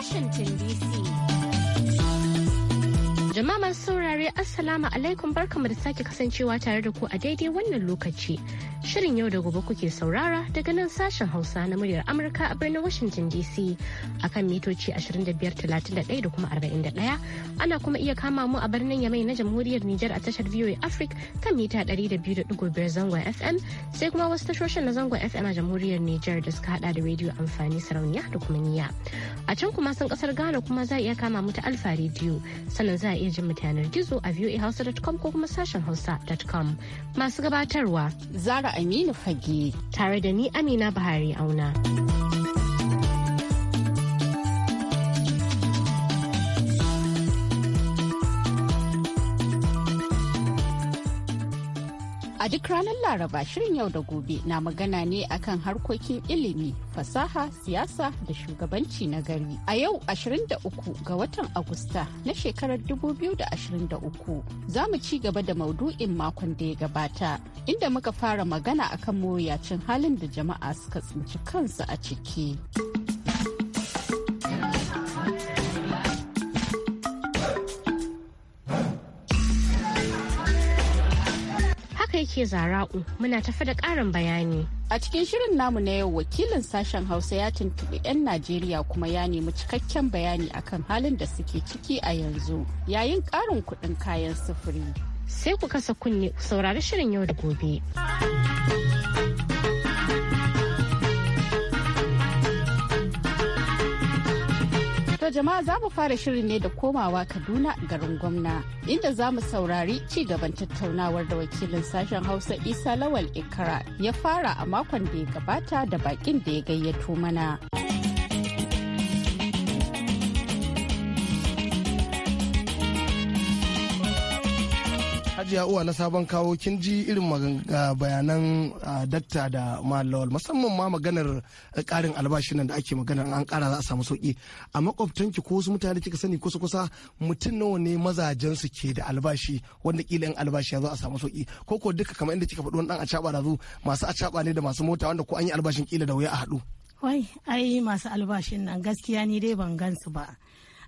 Washington DC. Jama'a masu saurare Assalamu alaikum barkamu da sake kasancewa tare da ku a daidai wannan lokaci. Shirin yau da gobe kuke saurara daga nan sashen Hausa na muryar Amurka a birnin Washington DC kan mitoci 2531 da kuma 41. Ana kuma iya kama mu a birnin Yamai na Jamhuriyar Nijar a tashar VOA Africa kan mita 200.5 zangon FM sai kuma wasu tashoshin na zangon FM a Jamhuriyar Nijar da suka hada da rediyo amfani sarauniya da kuma niya. A can kuma sun kasar Ghana kuma za a iya kama mu ta Alfa rediyo sannan za a iya jin mu gizo a voahausa.com ko kuma sashen hausa.com masu gabatarwa. Zara Aminu Fage tare da ni Amina Buhari Auna. duk ranar Laraba shirin yau da gobe na magana ne akan harkokin ilimi, fasaha, siyasa da shugabanci na gari. A yau 23 ga watan Agusta na shekarar 2023 za mu ci gaba da maudu'in makon da ya gabata inda muka fara magana akan mawuyacin halin da jama'a suka tsinci kansu a ciki. gaishe ke zara'u muna tafi da ƙarin bayani. A cikin shirin namu na yau wakilin sashen Hausa ya tuntuɓi 'yan Najeriya kuma ya nemi cikakken bayani akan halin da suke ciki a yanzu yayin ƙarin kuɗin kayan sufuri. Sai ku kasa kunne saurari shirin yau da gobe. jama'a za mu fara shirin ne da komawa Kaduna garin gwamna inda za mu saurari ci gaban tattaunawar da wakilin sashen Hausa Isa Lawal ikara ya fara a makon da ya gabata da bakin da ya gayyato mana. hajiya uwa na sabon kawo kin ji irin bayanan dakta da malawal musamman ma maganar karin eh, albashi nan da ake maganar an kara za a samu sauki a makwabtanki ko wasu mutane kika sani kusa kusa mutum nawa ne mazajen su ke da albashi wanda kila yan albashi ya zo a samu sauki ko ko duka kamar inda kika faɗi wani dan caba da zu masu caba ne da masu mota wanda ko an yi albashin kila da wuya a haɗu. wai ai masu albashin nan gaskiya ni dai ban gan su ba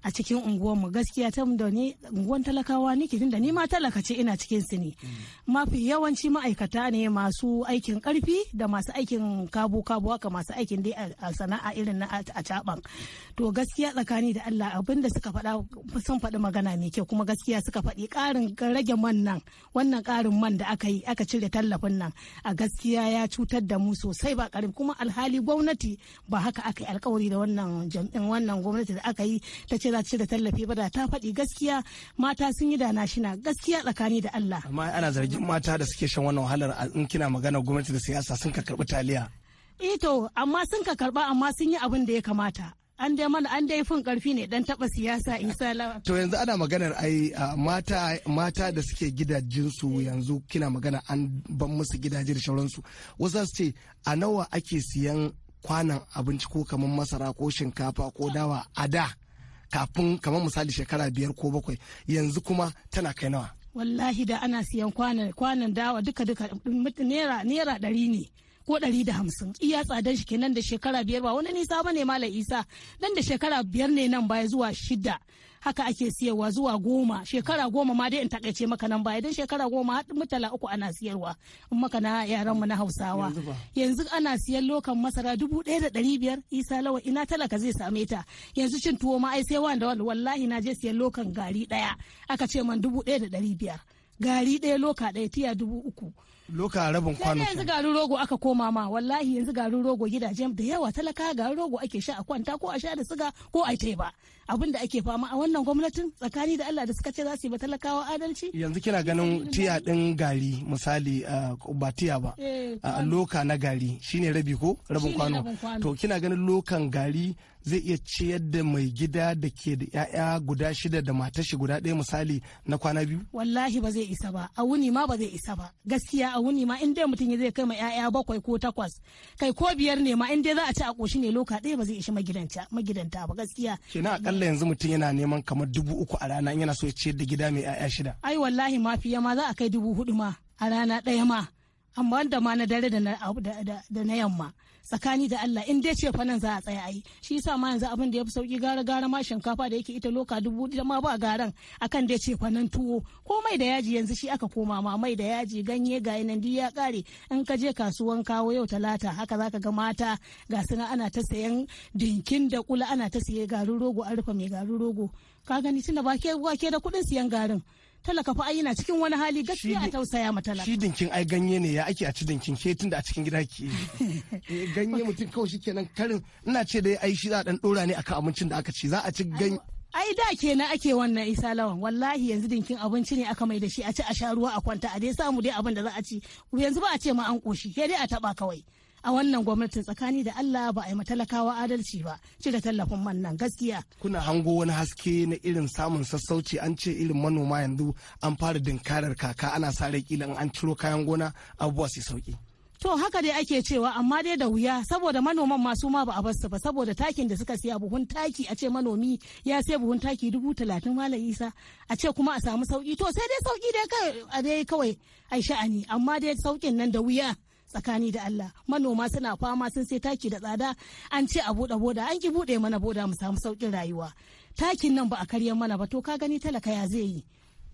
a cikin unguwarmu gaskiya ta da ni unguwan talakawa nake tunda ni ma talaka ce ina cikin su ne mm. mafi yawanci ma'aikata ne masu aikin karfi da masu aikin kabo kabo haka masu aikin dai a sana'a irin na a caban to gaskiya tsakani da Allah abin da suka faɗa sun faɗi magana mai kyau kuma gaskiya suka faɗi ƙarin rage man nan wannan ƙarin man da aka yi aka cire tallafin nan a gaskiya ya cutar da mu sosai ba ƙarfi kuma alhali gwamnati ba haka aka yi alkawari da wannan wannan gwamnati da aka yi ta ce za da tallafi ba da ta faɗi gaskiya mata sun yi dana shina gaskiya tsakani da Allah. Amma ana zargin mata da suke shan wannan wahalar in kina magana gwamnati da siyasa sun ka karɓi taliya. Ito eh amma sun ka karɓa amma sun yi abin da ya kamata. an dai mana an dai fin karfi ne dan taba siyasa isa to yanzu ana maganar ai mata mata da suke gidajen su yanzu kina magana an ban musu gidaje da shauransu wasu su ce a nawa ake siyan kwanan abinci ko kamar masara ko shinkafa ko dawa a da kafin kamar misali shekara biyar ko bakwai yanzu kuma tana kai nawa wallahi da ana siyan kwanan dawa duka duka naira naira ɗari ne ko ɗari da hamsin iya tsadan shi kenan da shekara biyar ba wani nisa ba ne malam isa nan da shekara biyar ne nan baya zuwa shida haka ake siyarwa zuwa goma shekara goma ma dai in takaice maka nan baya don shekara goma har mutala uku ana siyarwa in maka na yaran mu na Hausawa yanzu ana siyan lokan masara dubu ɗaya da ɗari biyar isa lawa ina talaka zai same ta yanzu cin tuwo ma ai sai wani wallahi na je siyan lokan gari ɗaya aka ce man dubu ɗaya da ɗari biyar gari ɗaya loka ɗaya tiya dubu uku loka rabin kwano yanzu garin rogo aka koma ma wallahi yanzu garin rogo gidajen da yawa talaka garin rogo ake sha a kwanta ko a sha da siga ko a teba abin da ake fama a wannan gwamnatin tsakani da Allah da suka ce za su yi ba talakawa adalci. Yanzu kina ganin tiya ɗin gari misali uh, ba tiya ba a eh, uh, loka na gari shine rabi ko rabin kwano. To kina ganin lokan gari zai iya ciyar da mai gida da ke da 'ya'ya guda shida da mata shi guda ɗaya misali na kwana biyu? Wallahi ba zai isa ba, a wuni ma ba zai isa ba. Gaskiya a wuni ma in dai mutum zai kai ma 'ya'ya bakwai ko takwas, kai ko biyar ne ma in dai za a ci a ƙoshi ne loka ɗaya ba zai ishi magidanta ba gaskiya. akalla yanzu mutum yana neman kamar dubu uku a rana yana so ya ciyar da gida mai 'ya'ya shida ai wallahi ma fiye ma za a kai dubu hudu ma a rana ɗaya ma amma wanda ma na dare da na yamma tsakani da Allah in dai ce fa nan za a tsaya ayi shi yasa ma yanzu abin da ya fi sauki gara gara ma shinkafa da yake ita loka dubu da ma ba garan akan dai ce fa nan tuwo ko mai da yaji yanzu shi aka koma ma mai da yaji ganye ga nan duk ya kare in ka je kasuwan kawo yau talata haka zaka ga mata ga suna ana ta sayan dinkin da kula ana ta saye garin rogo an rufe mai garin rogo ka gani tunda ba ke da kuɗin siyan garin talaka fa ai yana cikin wani hali gaskiya a tausaya ma talaka shi dinkin ai ganye ne ya ake a ci dinkin ke tunda a cikin gida ke eh, ganye mutum kawai shikenan karin ina ce dai ai shi za a dan dora ne akan abincin da aka ci za a ci ganye ai da kenan ake wannan isa lawan wallahi yanzu dinkin abinci ne aka mai da shi a ci a sha ruwa a kwanta a dai samu dai abin da za a ci yanzu ba a ce ma an koshi ke dai a taba kawai a wannan gwamnatin tsakani da Allah ba a yi matalakawa adalci ba cire tallafin man nan gaskiya. Kuna hango wani haske na irin samun sassauci an ce irin manoma yanzu an fara dinkarar kaka ana sa rai kila an ciro kayan gona abubuwa su sauki. To haka dai ake cewa amma dai da wuya saboda manoman masu ma ba a basu ba saboda takin da suka siya buhun taki a ce manomi ya sai buhun taki dubu talatin malam isa a ce kuma a samu sauki to sai dai sauki dai kawai a dai kawai a sha'ani amma dai saukin nan da wuya tsakani da Allah manoma suna fama sun sai taki da tsada an ce a bude boda an ki buɗe mana boda mu samu saukin rayuwa takin nan ba a karya mana ba to ka gani talaka ya zai yi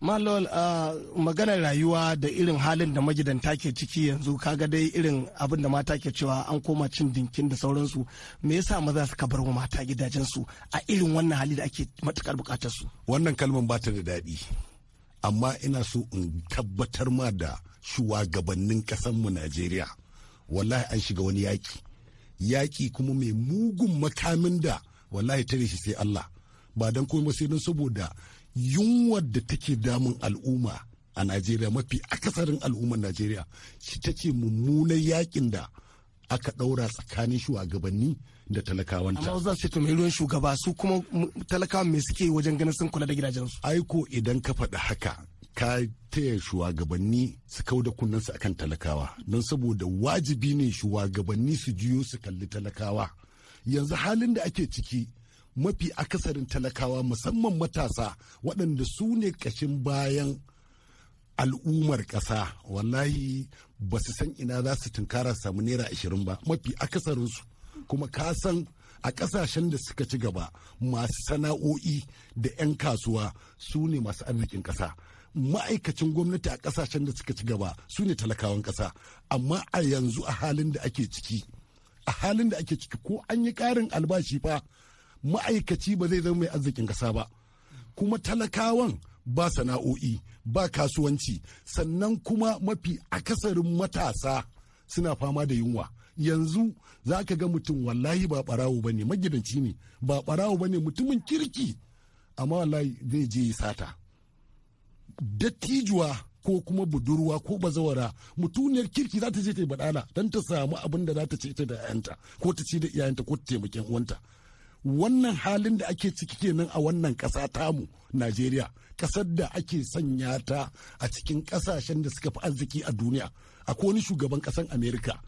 Malol uh, maganar rayuwa da irin halin da magidanta ke ciki yanzu kaga dai irin abin da mata ke cewa an koma cin dinkin da sauransu me yasa maza suka bar wa mata gidajensu a irin wannan hali da ake matukar bukatar su wannan kalmar ba ta da daɗi amma ina so in tabbatar ma da shugabannin mu najeriya wallahi an shiga wani yaƙi yaƙi kuma mai mugun makamin da wallahi tare shi sai allah ba don kuma sai saboda yunwar da take damun al'umma a najeriya mafi akasarin al'ummar najeriya shi ta ce mummunan yaƙin da aka ɗaura tsakanin shugabanni da talakawanta. Amma za su ce shugaba su kuma talakawa mai suke wajen ganin sun kula da gidajensu. Aiko idan ka faɗi haka ka taya shugabanni su kau da su akan talakawa don saboda wajibi ne shugabanni su juyo su kalli talakawa yanzu halin da ake ciki mafi akasarin talakawa musamman matasa waɗanda su ne ƙashin bayan al'ummar ƙasa wallahi ba su san ina za su tunkara samu naira ashirin ba mafi akasarinsu kuma ka san a kasashen da suka ci gaba masu sana'o'i da 'yan kasuwa su ne masu arzikin ƙasa ma'aikacin gwamnati a kasashen da suka ci gaba su ne talakawan ƙasa amma a yanzu a halin da ake ciki a halin da ake ciki ko an yi ƙarin albashi fa ma'aikaci ba zai zama mai arzikin ƙasa ba kuma talakawan ba sana'o'i ba kasuwanci sannan kuma mafi akasarin matasa suna fama da yunwa yanzu za ka ga mutum wallahi ba barawo ba ne magidanci ne ba barawo ba ne mutumin kirki amma wallahi zai je sata dattijuwa ko kuma budurwa ko bazawara mutuniyar kirki za ta je ta yi badala don ta samu abin da za ta ce ta da 'ya'yanta ko ta ci da iyayenta ko ta taimakin uwanta wannan halin da ake ciki kenan a wannan ƙasa tamu najeriya ƙasar da ake sanya ta a cikin kasashen da suka fi arziki a duniya akwai wani shugaban ƙasar amerika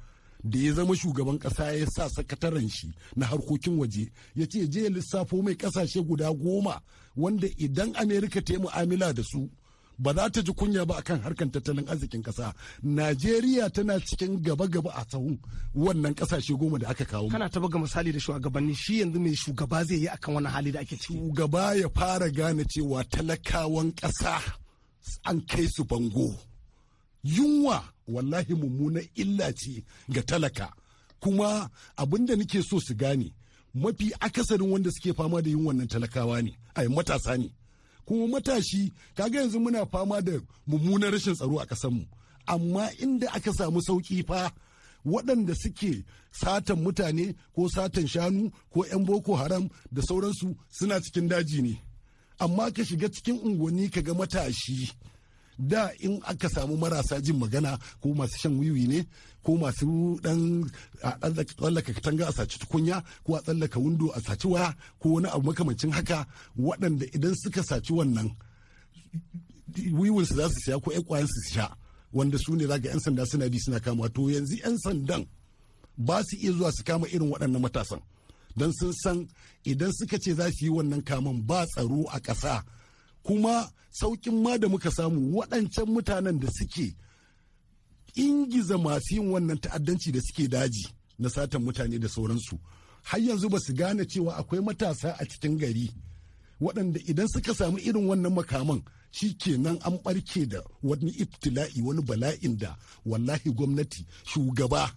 da ya zama shugaban kasa ya sa sakataren shi na harkokin waje ya ce je lissafo mai kasashe guda goma wanda idan amerika ta yi mu'amala da su ba za ta ji kunya ba akan harkan tattalin arzikin kasa najeriya tana cikin gaba-gaba a tsawon wannan kasashe goma da aka kawo kana ta ga misali da shugabanni shi yanzu mai shugaba zai yi akan wani hali da ake ciki shugaba ya fara gane cewa talakawan kasa an kai su bango yunwa wallahi mummunan illa ce ga talaka kuma abinda da nake so su gane mafi akasarin wanda suke fama da yin wannan talakawa ne a matasa ne kuma matashi kaga yanzu muna fama da mummunan rashin tsaro a kasanmu amma inda aka samu sauki fa waɗanda suke satan mutane ko satan shanu ko 'yan boko haram da sauransu suna cikin daji ne amma ka shiga cikin unguwanni ka ga matashi da in aka samu marasa jin magana ko masu shan wiwi ne ko masu dan tsallaka katanga a saci tukunya ko a tsallaka windo a saci waya ko wani abu makamancin haka waɗanda idan suka saci wannan wiwinsu za su siya ko ƴan su sha wanda su ne zaga 'yan sanda suna bi suna kama to yanzu 'yan sandan ba su iya zuwa su kama irin waɗannan matasan don sun san idan suka ce za su yi wannan kaman ba tsaro a ƙasa kuma saukin ma da muka samu waɗancan mutanen da suke ingiza masu yin wannan ta'addanci da suke daji na satan mutane da sauransu har yanzu ba su gane cewa akwai matasa a cikin gari waɗanda idan suka samu irin wannan makaman shi kenan an ɓarke da wani ibtila'i wani bala'in da wallahi gwamnati shugaba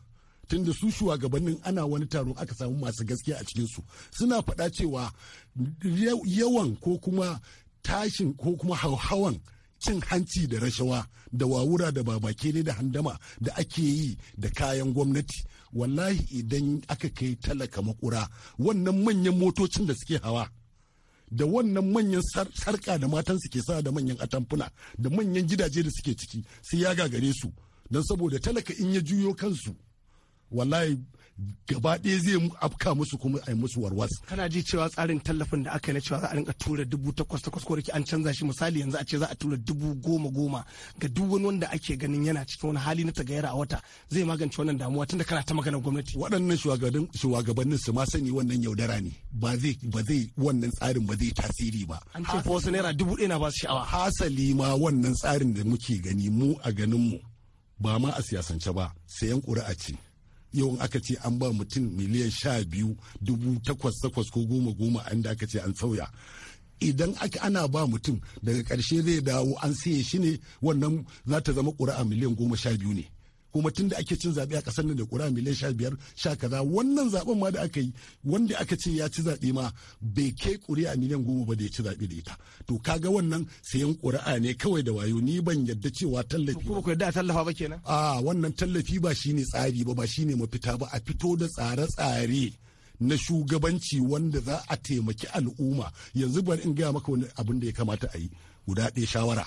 tunda su shugabannin ana wani taro aka samu masu gaskiya a cikinsu suna faɗa cewa yawan ko kuma tashin ko kuma hauhawan cin hanci da rashawa da wawura da babake ne da handama da ake yi da kayan gwamnati wallahi idan aka kai talaka makura wannan manyan motocin da suke hawa da wannan manyan sarka da matan suke sa da manyan atamfuna da manyan gidaje da suke ciki sai ya gagare su don saboda talaka in ya juyo kansu wallahi gaba ɗaya zai afka musu kuma a yi musu warwas. kana ji cewa tsarin tallafin da aka yi na cewa za a rinka tura dubu takwas takwas ko an canza shi misali yanzu a ce za a tura dubu goma goma ga duk wani wanda ake ganin yana cikin wani hali na tagayyara a wata zai magance wannan damuwa tunda kana ta maganar gwamnati. waɗannan shugabannin su ma sani wannan yaudara ne ba zai ba zai wannan tsarin ba zai tasiri ba. an ce fa wasu naira dubu ɗaya na ba su sha'awa. hasali ma wannan tsarin da muke gani mu a ganin mu ba ma a siyasance ba sayan ƙuri'a ce. yawan aka ce an ba mutum miliyan sha biyu dubu takwas takwas ko goma goma an da aka ce an sauya idan ana ba mutum daga ƙarshe zai dawo an siye shi ne wannan za ta zama ƙuri'a miliyan goma sha biyu ne kuma tun da ake cin zaɓe a ƙasar nan da ƙura miliyan sha biyar sha kaza wannan zaɓen ma da aka yi wanda aka ce ya ci zaɓe ma bai kai a miliyan goma ba da ya ci zaɓe da ita to kaga wannan sayan ƙuri'a ne kawai da wayo ni ban yadda cewa tallafi ba. kuma da tallafa ba kenan. a wannan tallafi ba shine tsari ba ba shine mafita ba a fito da tsare-tsare. na shugabanci wanda za a taimaki al'umma yanzu bari in gaya maka wani abin da ya kamata a yi guda ɗaya shawara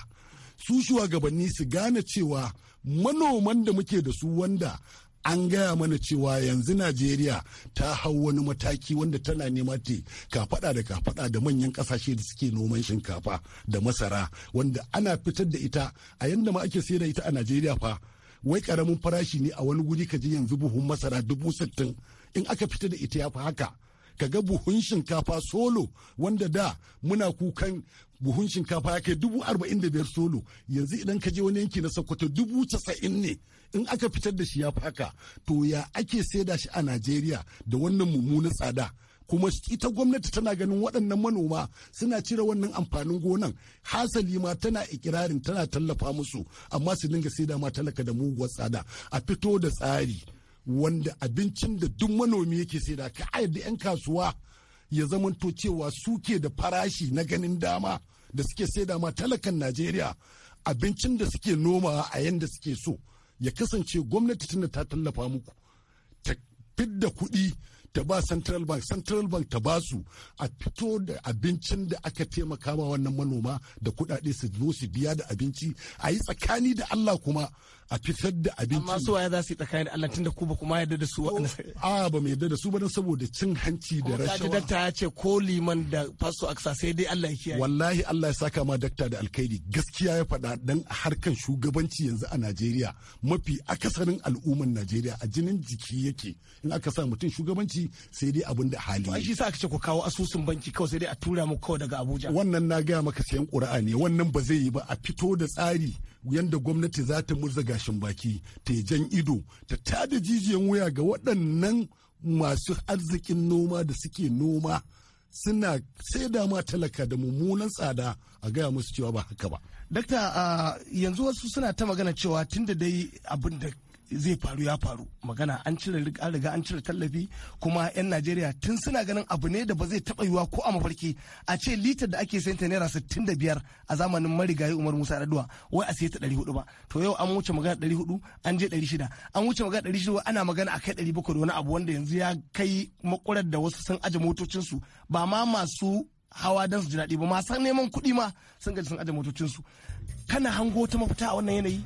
su shugabanni su gane cewa manoman da muke da su wanda an gaya mana cewa yanzu najeriya ta hau wani mataki wanda tana nema te kafada da kafada da manyan kasashe da suke noman shinkafa da masara wanda ana fitar da ita a yanda ma ake sayar da ita a najeriya fa wai karamin farashi ne a wani guri ka je yanzu buhun masara dubu sittin in aka fita da ita ya fi haka ka ga buhun shinkafa solo wanda da muna kukan buhun shinkafa ya kai dubu arba'in da biyar solo yanzu idan ka je wani yanki na sokoto dubu casa'in ne in aka fitar da shi ya faka to ya ake saida shi a najeriya da wannan mummunan tsada kuma ita gwamnati tana ganin waɗannan manoma suna cire wannan amfanin gonan hasali ma tana ikirarin tana tallafa musu amma su dinga saida ma talaka da muguwar tsada a fito da tsari wanda abincin da duk manomi yake saida ka da 'yan kasuwa ya zamanto cewa suke da farashi na ganin dama da suke sai dama talakan najeriya abincin da suke noma a yadda suke so ya kasance gwamnati tana ta tallafa muku ta fidda kuɗi ta ba central bank central bank ta ba su a fito da abincin da aka taimaka wa wannan manoma da kuɗaɗe su zo su biya da abinci a yi tsakani da Allah kuma a fitar da abinci amma su waye za su yi tsakani da Allah tunda ku ba kuma ya da su oh, a ba mai yarda da su ba don saboda cin hanci da oh, rashawa kuma ta ya ce ko liman da faso aksa sai dai Allah ya kiyaye wallahi Allah ya saka ma dakta da alkhairi gaskiya ya faɗa dan harkan shugabanci yanzu a Najeriya mafi akasarin al'umman Najeriya a jinin jiki yake in aka sa mutum shugabanci sai dai abin da hali to shi sa ka ce ku kawo asusun banki kawai sai dai a tura mu kawai daga Abuja wannan na gaya maka sayan ƙura'a ne wannan ba zai yi ba a fito da tsari yadda gwamnati za ta murza gashin baki ta jan ido ta tada jijiyan wuya ga waɗannan masu arzikin noma da suke noma suna sai da ma talaka da mummunan tsada a gaya musu cewa ba haka ba. Dakta yanzu wasu suna ta magana cewa tun da dai abin da zai faru ya faru magana an cire riga an cire tallafi kuma 'yan najeriya tun suna ganin abu ne da ba zai taba yiwa ko a mafarki a ce litar da ake sayanta naira sittin da biyar a zamanin marigayi umar musa raduwa wai a sayi ta ɗari hudu ba to yau an wuce magana ɗari hudu an je ɗari shida an wuce magana ɗari shida ana magana a kai ɗari bakwai da wani abu wanda yanzu ya kai makurar da wasu sun aje motocinsu ba ma masu hawa dan su ji daɗi ba masu neman kuɗi ma sun gaji sun aje motocinsu kana hango ta mafita a wannan yanayi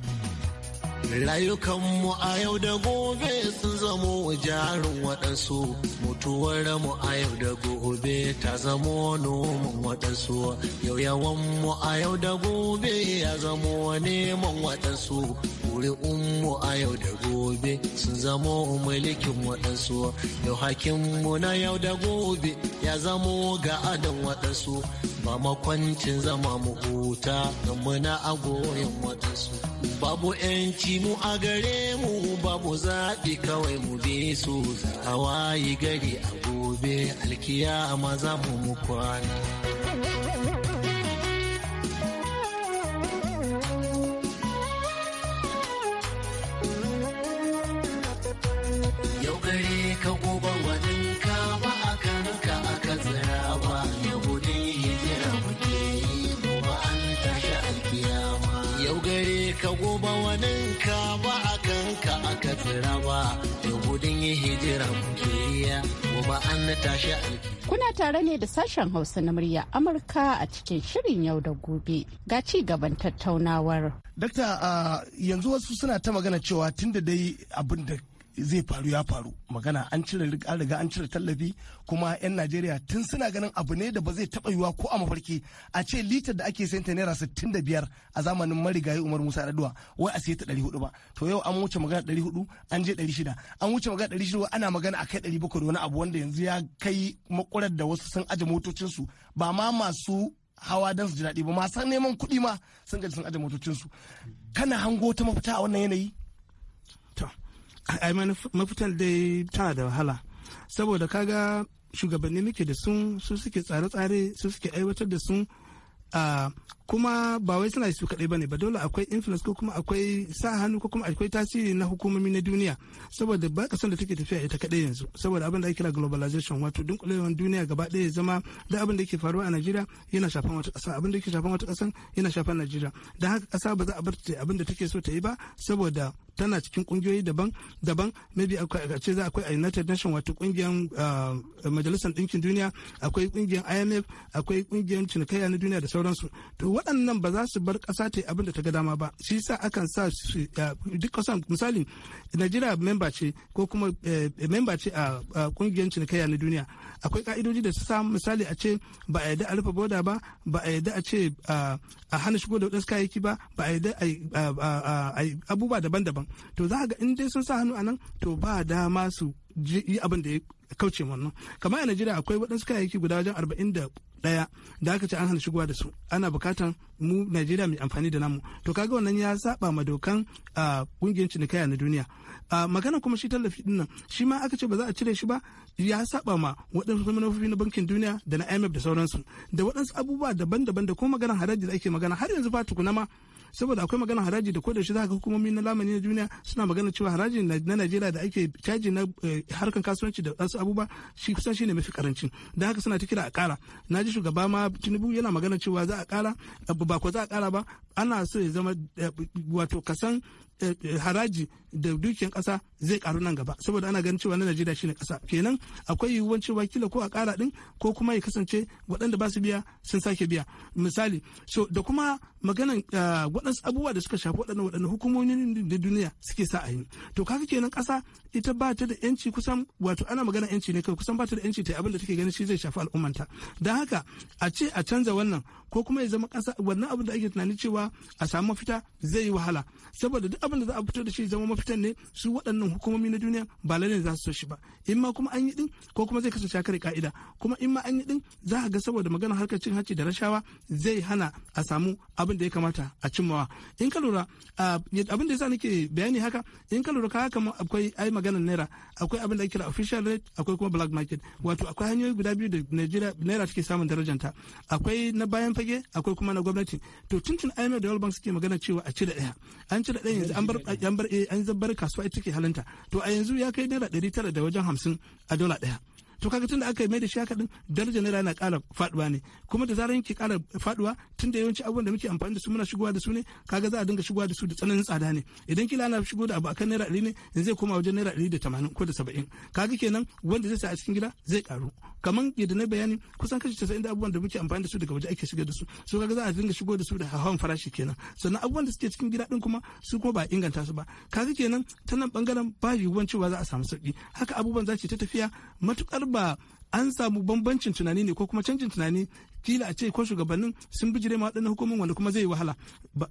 Rayukanmu a yau da gobe sun zamo jarin waɗansu, mutuwar mu a yau da gobe ta zamo noman waɗansu, yau yawanmu a yau da gobe ya zamo neman waɗansu. mu a yau da gobe sun zamo mulkin waɗansu yau hakinmu na yau da gobe ya zamo ga adam waɗansu ba makwancin zama mu huta muna agoyin waɗansu babu 'yanci Ki mu a gare mu mu zaɓi kawai mu bi su a gari a gobe alkiyama za mu mu kwana. Kuna tare ne da sashen Hausa na murya Amurka a cikin shirin yau da gobe ga ci gaban tattaunawar. Dakta yanzu wasu suna ta magana cewa tun da dai abin da zai faru ya faru magana an cire riga an cire tallafi kuma 'yan najeriya tun suna ganin abu ne da ba zai taba yiwuwa ko a mafarki a ce litar da ake sayan ta naira sittin da biyar a zamanin marigayi umar musa raduwa wai a sayi ta ɗari hudu ba to yau an wuce magana ɗari hudu an je ɗari shida an wuce magana ɗari shida ana magana a kai ɗari bakwai wani abu wanda yanzu ya kai makurar da wasu sun aje motocinsu ba ma masu hawa dan su ji daɗi ba masu neman kuɗi ma sun gaji sun aje motocinsu kana hango ta mafita a wannan yanayi ai mafitar dai tana da wahala saboda kaga shugabanni muke da sun su suke tsare-tsare su suke aiwatar da sun ah, kuma ba wai suna su kaɗai bane ba dole akwai influence ko kuma akwai sa hannu ko kuma akwai tasiri na hukumomi na duniya saboda ba san da take tafiya ita kaɗai yanzu saboda abin da ake kira globalization wato dunkulewar duniya gaba ɗaya zama da abin da ke faruwa a Najeriya yana shafan wata ƙasa abin da ke shafan wata ƙasa yana shafan Najeriya da haka ƙasa ba za a bar ta abin da take so ta yi ba saboda tana cikin kungiyoyi daban daban maybe akwai ce za akwai a United Nations wato kungiyar ah, majalisar ɗinkin duniya akwai kungiyar IMF akwai kungiyar cinikayya na duniya da sauransu to waɗannan ba za su bar ƙasa ta abin da ta ga dama ba shi sa akan sa duk ƙasan misali najeriya memba ce ko kuma eh, memba ce a ƙungiyar cinikayya na duniya akwai ka'idoji da su sa misali a ce ba a yadda a rufe boda ba ba a yadda a ce a hana shigo da wadansu kayayyaki ba ba a yadda a abubuwa daban-daban to za ga in dai sun sa hannu a nan to ba dama su yi abin da ya kauce wannan kamar a najeriya akwai waɗansu kayayyaki guda wajen arba'in da ɗaya da aka ce an hana shigowa da su ana bukatan mu najeriya mai amfani da namu to kaga wannan ya saba ma dokan kungiyar cinikaya na duniya magana kuma shi tallafi dinnan shi ma aka ce ba za a cire shi ba ya saba ma waɗansu manufofi na bankin duniya da na imf da sauransu da waɗansu abubuwa daban-daban da kuma maganar haraji da ake magana har yanzu ba tukuna ma saboda akwai magana haraji da kodashi za ka hukumomi na lamani na duniya suna magana cewa haraji na najeriya da ake caji na eh, harkar kasuwanci da wasu abubuwa shi kusan shi ne mafi karancin da haka suna ta kira a kara na ji shugaba ma tinubu yana magana cewa za a kara ba ko za a kara ba ana so ya zama eh, wato kasan Eh, haraji da dukiyar kasa zai karu nan gaba saboda ana ganin cewa na najeriya shine kasa kenan akwai yiwuwar cewa kila ko a kara din ko kuma ya kasance waɗanda ba su biya sun sake biya misali so da kuma maganan eh, waɗansu abubuwa da suka shafi waɗannan waɗannan hukumomin da duniya suke sa a yi to kaga kenan kasa ita ba ta da yanci kusan wato ana magana yanci ne kai kusan ba ta da yanci ta abin da take ganin shi zai shafi al'ummanta don haka a ce a canza wannan ko kuma ya zama kasa wannan abin da ake tunani cewa a samu mafita zai yi wahala saboda duk abin da za a fito da shi zama mafitan ne su waɗannan hukumomi na duniya ba lalle za su so shi ba in ma kuma an yi din ko kuma zai kasance kare ka'ida kuma in ma an yi din za a ga saboda magana harkar cin hanci da rashawa zai hana a samu abin da ya kamata a cimmawa in ka lura abin da yasa nake bayani haka in ka lura ka haka akwai ai maganar naira akwai abin da ake kira official rate akwai kuma black market wato akwai hanyoyi guda biyu da Najeriya naira take samun darajanta akwai na bayan fage akwai kuma na gwamnati to tuntun IMF da World Bank suke magana cewa a cire daya an cire daya yanzu an bar eh, zabar kasuwa ita ke halinta to a yanzu ya kai naira ɗari tara da wajen hamsin a dola ɗaya to kaga tunda aka mai da shi haka din darajar naira na ƙara faduwa ne kuma da zarar yake ƙara faduwa tunda yawanci abubuwan da muke amfani da su muna shigowa da su ne kaga za a dinga shigowa da su da tsananin tsada ne idan kila ana shigo da abu akan naira ɗari ne zai koma wajen naira ɗari da tamanin ko da saba'in kaga kenan wanda zai sa a cikin gida zai karu kamar yadda na bayani kusan kashi casa'in da abubuwan da muke amfani da su daga waje ake shigar da su so kaga za a dinga shigo da su da hawan farashi kenan sannan abubuwan da suke cikin gida din kuma su kuma ba inganta su ba kaga kenan ta nan bangaren ba yiwuwan cewa za a samu sauki haka abubuwan za ta tafiya matukar ba an samu bambancin tunani ne ko kuma canjin tunani kila a ce ko shugabannin sun bijire ma waɗannan hukumomin wanda kuma zai wahala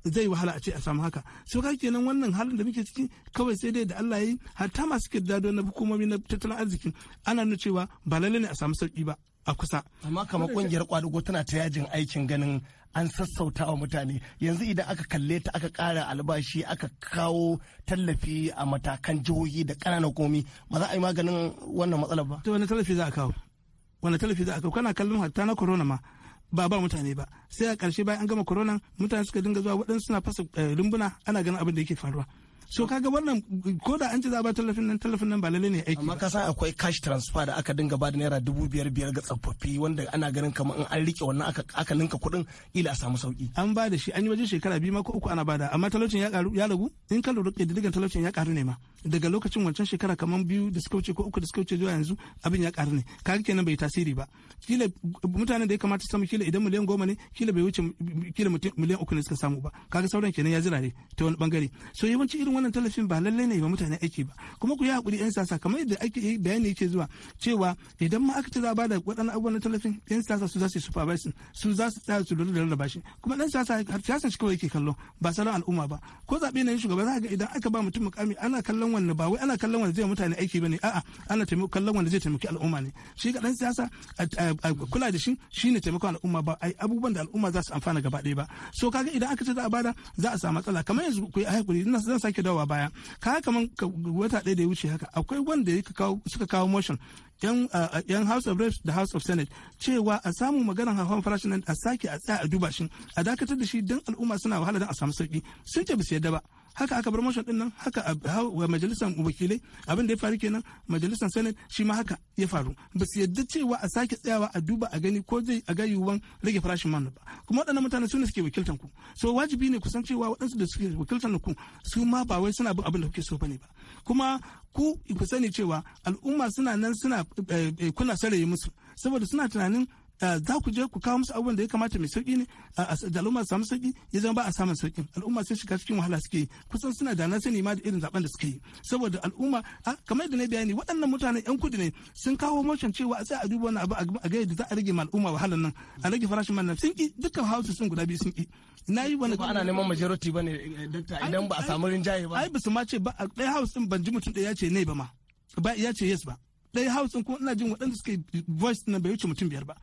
zai wahala a ce a samu haka so ka kenan wannan halin da muke ciki kawai sai dai da Allah yi hatta masu kirdado na hukumomi na tattalin arziki ana nuna cewa ba lalle ne a samu sauki ba a kusa amma kamar kungiyar kwadugo tana ta yajin aikin ganin an sassauta wa mutane yanzu idan aka kalle ta aka ƙara albashi aka kawo tallafi a matakan jihohi da ƙananan komi ba za a yi maganin wannan matsalar ba. to wani tallafi za a kawo wani tallafi za a kawo kana kallon hatta na corona ma ba ba mutane ba sai a ƙarshe bayan an gama corona mutane suka dinga zuwa waɗansu suna fasa eh, rumbuna ana ganin abin da yake faruwa. so kaga wannan ko da an ci zaba tallafin nan tallafin nan ba lalle ne aiki amma ka san akwai cash transfer da aka dinga bada naira dubu biyar biyar ga tsofaffi wanda ana ganin kamar in an rike wannan aka aka ninka kuɗin ila a samu sauki an bada shi an yi wajen shekara biyu ma ko uku ana bada amma talaucin ya karu ya ragu in ka lura ƙididdigan talaucin ya karu ne ma daga lokacin wancan shekara kamar biyu da suka wuce ko uku da suka wuce zuwa yanzu abin ya karu ne kaga kenan bai tasiri ba kila mutanen da ya kamata samu kila idan miliyan goma ne kila bai wuce kila miliyan uku ne suka samu ba kaga sauran kenan ya zira ne ta wani bangare so yawanci irin wannan tallafin ba lallai ne ba mutane aiki ba kuma ku yi hakuri yan siyasa kamar yadda ake bayani yake zuwa cewa idan ma aka ci za a bada waɗannan abubuwan na tallafin yan siyasa su za su supervise su za su tsaya su lura da rarraba shi kuma dan siyasa har siyasa shi kawai yake kallo ba salon al'umma ba ko zaɓe na shugaba za ga idan aka ba mutum mukami ana kallon wanda ba wai ana kallon wanda zai mutane aiki ba ne a'a ana kallon wanda zai taimaki al'umma ne shi ga dan siyasa kula da shi shi ne taimakon al'umma ba ai abubuwan da al'umma za su amfana gaba ɗaya ba so kaga idan aka ci za a bada za a samu matsala kamar yanzu ku yi hakuri zan sake da dawa baya ka kaman wata ɗaya da ya wuce haka akwai wanda suka kawo motion ah, ah, yan house of reps da house of senate cewa a samu maganar hawan farashin nan a sake a tsaya a duba shi a dakatar da shi don al'umma suna wahala don a samu sauki sun ce ba su yadda ba haka aka bar motion din nan haka wa majalisar wakilai abin da ya faru kenan majalisar senate shi ma haka ya faru ba su yadda cewa a sake tsayawa a duba a gani ko zai a gayuwan rage farashin man ba kuma waɗannan mutane su ne suke wakiltan ku so wajibi ne ku san cewa waɗansu da suke wakiltan ku su ma ba wai suna bin abin da kuke so bane ba kuma ku ku sani cewa al'umma suna nan suna eh, eh, kuna saraye musu saboda suna tunanin Eh, za ku je ku kawo musu abubuwan da ya kamata mai sauki ne da al'umma samu sauki ya zama ba a samun sauki al'umma sun shiga cikin wahala suke kusan suna da na sani ma da irin zaben da suke yi saboda al'umma kamar da na bayani waɗannan mutanen yan kudu ne sun kawo motion cewa a sai a duba wani abu a gaya da za a rage ma al'umma wahalar nan a rage farashin man nan sun ki dukkan hausa sun guda biyu sun ki na yi wani ana neman majority bane eh, dakta idan ba a samu rinjaye ba ai ba su ma ce ba ɗaya hausa din ban ji mutum ɗaya ce ne ba ma ba ya ce yes ba ɗaya hausa din kuma ina jin waɗanda suke voice na bai wuce mutum biyar ba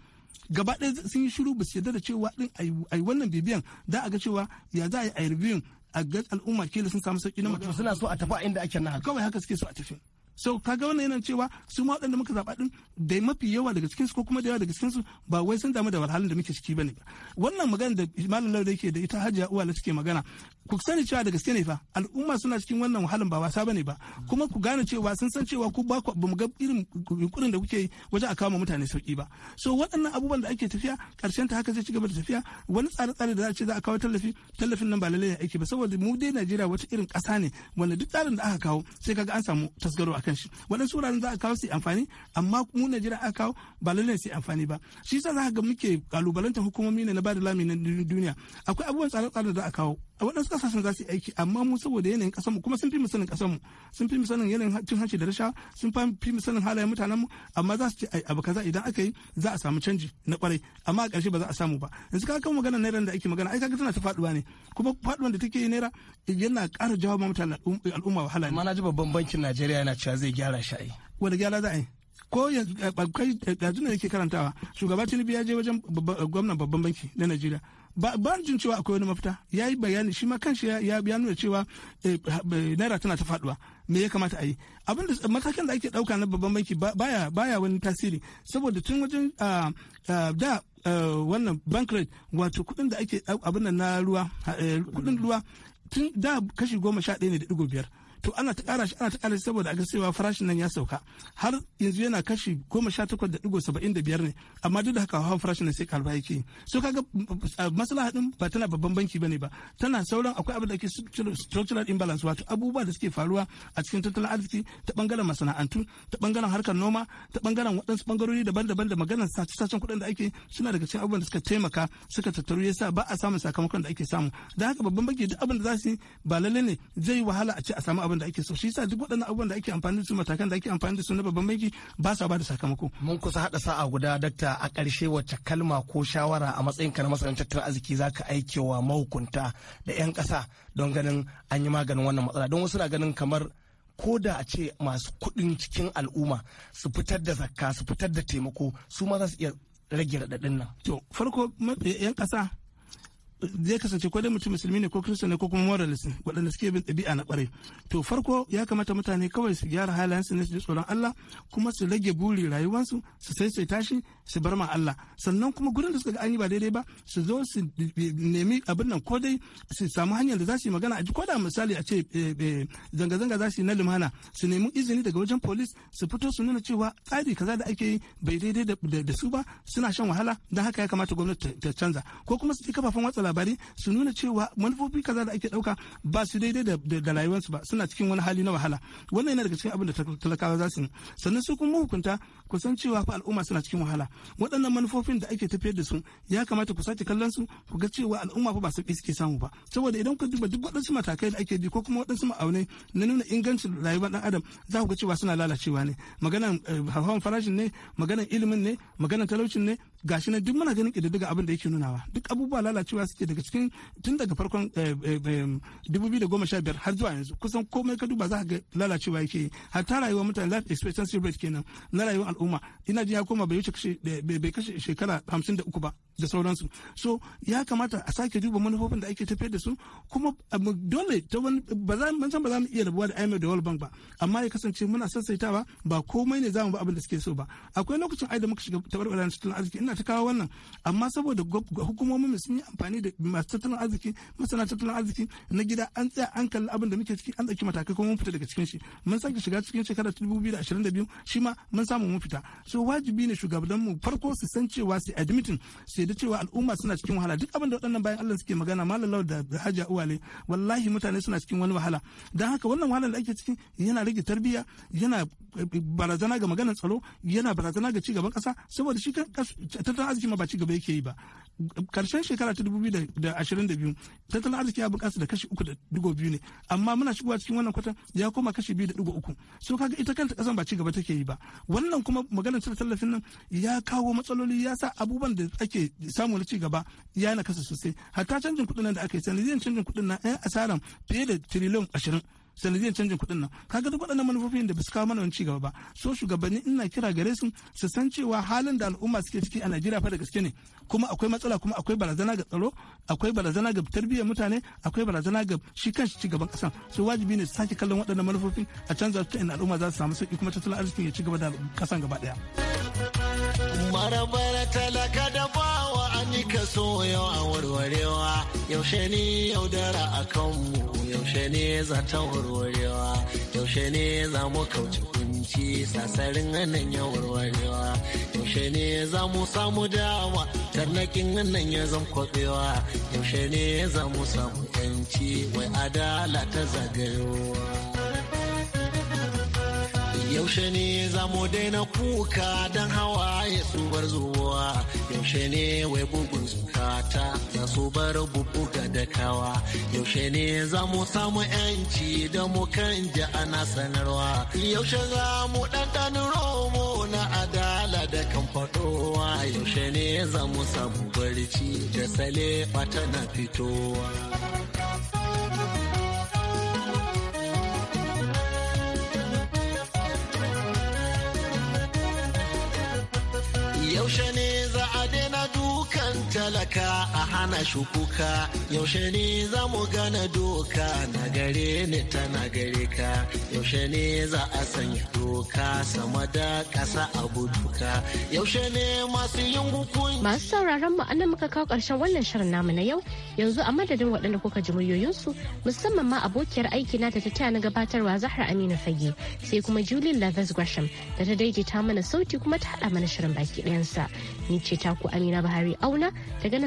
gaba ɗaya sun yi shiru ba su yarda da cewa din yi wannan bibiyan da a ga cewa ya za a yi a a ga al'umma kila sun samu sauƙi na mutum suna so a tafi inda ake na kawai haka suke so a tafi so kaga wannan yana cewa su ma waɗanda muka zaɓa ɗin da mafi yawa daga cikinsu ko kuma da yawa daga cikinsu ba wai sun damu da walhalin da muke ciki bane ba wannan magana da malam lauda yake da ita hajiya uwa suke magana ku sani cewa da gaske ne fa al'umma suna cikin wannan wahalan ba wasa bane ba kuma ku gane cewa sun san cewa ku ba ku bamu ga irin yunkurin da kuke wajen a kama mutane sauki ba so waɗannan abubuwan da ake tafiya karshen ta haka zai ci gaba da tafiya wani tsare-tsare da za a ce za a kawo tallafi tallafin nan ba lallai aiki ba saboda mu dai Najeriya wata irin ƙasa ne wanda duk tsarin da aka kawo sai kaga an samu tasgaro a akan shi waɗansu wuraren za a kawo su amfani amma mu najeriya aka kawo ba lallai su amfani ba shi yasa za ga muke kalubalantar hukumomi ne na da lami na duniya akwai abubuwan tsare-tsare da za a kawo a waɗansu kasashen za su yi aiki amma mu saboda yanayin ƙasar mu kuma sun fi musanin sanin ƙasar mu sun fi musanin yanayin cin hanci da rasha sun fi musanin halayen mutanen mu amma za su ce ai abu kaza idan aka yi za a samu canji na kwarai amma a ƙarshe ba za a samu ba yanzu ka kan magana naira da ake magana ai kaga tana ta faɗuwa ne kuma faɗuwan da take yi naira yana ƙara jawo ma mutanen al'umma wahala ne. amma na ji babban bankin najeriya yana cewa zai gyara shi Wani gyara za a yi ko yanzu eh, kai da eh, yake karantawa shugaba tinubu ya je wajen gwamnan babban banki na najeriya ba jin cewa akwai wani mafita ya yi bayani shi ma kanshi ya nuna cewa eh, eh, naira tana ta faduwa me ya kamata a yi abin da matakin da ake dauka na babban banki baya baya wani tasiri saboda tun wajen ah, ah, da eh, wannan bank rate wato kudin da ake abin na ruwa kudin ruwa tun da kashi goma sha ɗaya ne da digo biyar to ana ta kara shi ana ta kara shi saboda ga cewa farashin nan ya sauka har yanzu yana kashi goma sha takwas da digo saba'in da biyar ne amma duk da haka hawa farashin nan sai kalba yake so kaga maslaha ba tana babban banki bane ba tana sauran akwai abin da ake structural imbalance wato abubuwa da suke faruwa a cikin tattalin arziki ta bangaren masana'antu ta bangaren harkar noma ta bangaren waɗansu bangarori daban-daban da maganar sace-sacen kuɗin da ake suna daga cikin abubuwan da suka taimaka suka tattaru yasa ba a samun sakamakon da ake samu da haka babban banki duk abin da za su yi ba lalle ne zai wahala a ce a samu abin abubuwan da ake so shi yasa duk waɗannan abubuwan da ake amfani da su matakan da ake amfani da su na babban banki ba sa ba sakamako mun kusa haɗa sa'a guda dakta a ƙarshe wacce kalma ko shawara a matsayin ka na masanin tattalin arziki ka aike wa mahukunta da 'yan ƙasa don ganin an yi maganin wannan matsala don wasu na ganin kamar ko da a ce masu kuɗin cikin al'umma su fitar da zakka su fitar da taimako su ma za su iya rage raɗaɗin nan. To farko 'yan ƙasa zai kasance ko dai mutum musulmi ne ko kirista ne ko kuma moralist waɗanda suke bin ɗabi'a na ƙwarai to farko ya kamata mutane kawai su gyara halayensu ne su ji tsoron Allah kuma su rage buri rayuwarsu su sai tashi su bar ma Allah sannan kuma gurin da suka ga an yi ba daidai ba su zo su nemi abin nan ko dai su samu hanyar da za su yi magana a ko da misali a ce eh, eh, zanga-zanga za su yi na lumana su nemi izini daga wajen polis su fito su nuna cewa tsari kaza da ake yi bai daidai da su ba suna shan wahala don haka ya kamata gwamnati ta canza ko kuma su kafafen watsa labarai su nuna cewa manufofi kaza da ake ɗauka ba su daidai da rayuwarsu ba suna cikin wani hali na wahala wannan yana daga cikin abin da talakawa za su yi sannan su kuma hukunta ku cewa fa al'umma suna cikin wahala waɗannan manufofin da ake tafiyar da su ya kamata ku sake kallon su ku ga cewa al'umma fa ba su suke samu ba saboda idan ku duba duk waɗansu matakai da ake bi ko kuma waɗansu ma'aunai na nuna ingancin rayuwar ɗan adam za ku ga cewa suna lalacewa ne maganan eh, hawan farashin ne maganan ilimin ne maganan talaucin ne gashi na duk muna ganin ƙididdiga abin da yake nunawa duk abubuwa lalacewa suke daga cikin tun daga farkon 2015 eh, eh, har zuwa yanzu kusan komai ka duba za ka ga lalacewa yake ta rayuwar mutane life expectancy rate kenan na rayuwar al'umma ina jin ya koma bai wuce kashe shekara hamsin da uku ba da sauransu so ya kamata a sake duba manufofin da ake tafiyar da su kuma um, dole ta wani ba za ba za mu iya rabuwa da IMF da World Bank ba amma ya kasance muna sassaitawa ba komai ne zamu ba abin da suke so ba akwai lokacin ai da muka shiga tabarbaran tattalin arziki ina ta kawo wannan amma saboda hukumomin sun yi amfani da masu tattalin arziki masana tattalin arziki na gida an tsaya an kalli abin da muke ciki an ɗauki matakai kuma mun fita daga cikin shi mun sake shiga cikin shekarar 2022 shi ma mun samu mun fita so wajibi ne shugabanninmu farko su san cewa su admitin su yadda cewa al'umma suna cikin wahala duk abin da waɗannan bayan Allah suke magana malalau da haja uwale wallahi mutane suna cikin wani wahala don haka wannan wahalar da ake ciki yana rage tarbiyya yana eh, barazana ga maganar tsaro yana barazana ga cigaban ƙasa saboda shi tattalin arziki ma ba cigaba yake yi ba karshen shekara ta dubu biyu da ashirin da biyu tattalin arziki ya bunƙasa da kashi uku da digo biyu ne amma muna shigowa cikin wannan kwatan ya koma kashi biyu da digo uku so kaga ita kanta ƙasan ba cigaba take yi ba wannan kuma kuma magana cire tallafin nan ya kawo matsaloli ya sa abubuwan da ake samu na cigaba ya na kasa sosai hatta canjin kuɗin nan da aka yi canjin kuɗin na yan eh, asaran fiye da tiriliyan ashirin sanadiyar canjin kuɗin nan kaga duk waɗannan manufofin da basu kawo mana wani cigaba ba so shugabanni ina kira gare su su san cewa halin da al'umma suke ciki a Najeriya fa da gaske ne kuma akwai matsala kuma akwai barazana ga tsaro akwai barazana ga tarbiyyar mutane akwai barazana ga shi kanshi ci gaban ƙasa so wajibi ne su sake kallon waɗannan manufofin a canza su ta ina al'umma za su samu sauki kuma tattalin arzikin ya ci gaba da ƙasan gaba ɗaya. Marabara talaka so a warwarewa yaushe ne yaudara a kanmu yaushe ne za ta warwarewa yaushe ne za mu kauce kunci sasarin nan ya warwarewa yaushe ne za mu samu dama tarnakin nan ya zan kwabewa yaushe ne za mu samu yanci wai adala ta zagayowa mu daina kuka don hawaye su bar zuwa yaushe ne wai bugun zukata za su bar bubuga da kawa yaushe ne za mu samu yanci da mu kan ji ana sanarwa yaushe za mu ɗanɗanin romo na adala da kan faɗowa yaushe ne za mu samu barci da sale ɓata na fitowa yaushe ne daka a hana shukuka yaushe ne za mu gana doka na gare ni ta na gare ka yaushe ne za a sanya doka sama da kasa a buduka yaushe ne masu yin hukun masu sauraron mu muka kawo ƙarshen wannan shirin namu na yau yanzu a madadin waɗanda kuka ji muryoyinsu musamman ma abokiyar aiki na ta taya na gabatarwa zahra amina fage sai kuma julie lavis gresham da ta daidaita mana sauti kuma ta haɗa mana shirin baki ɗayansa ni ce taku amina bahari auna daga na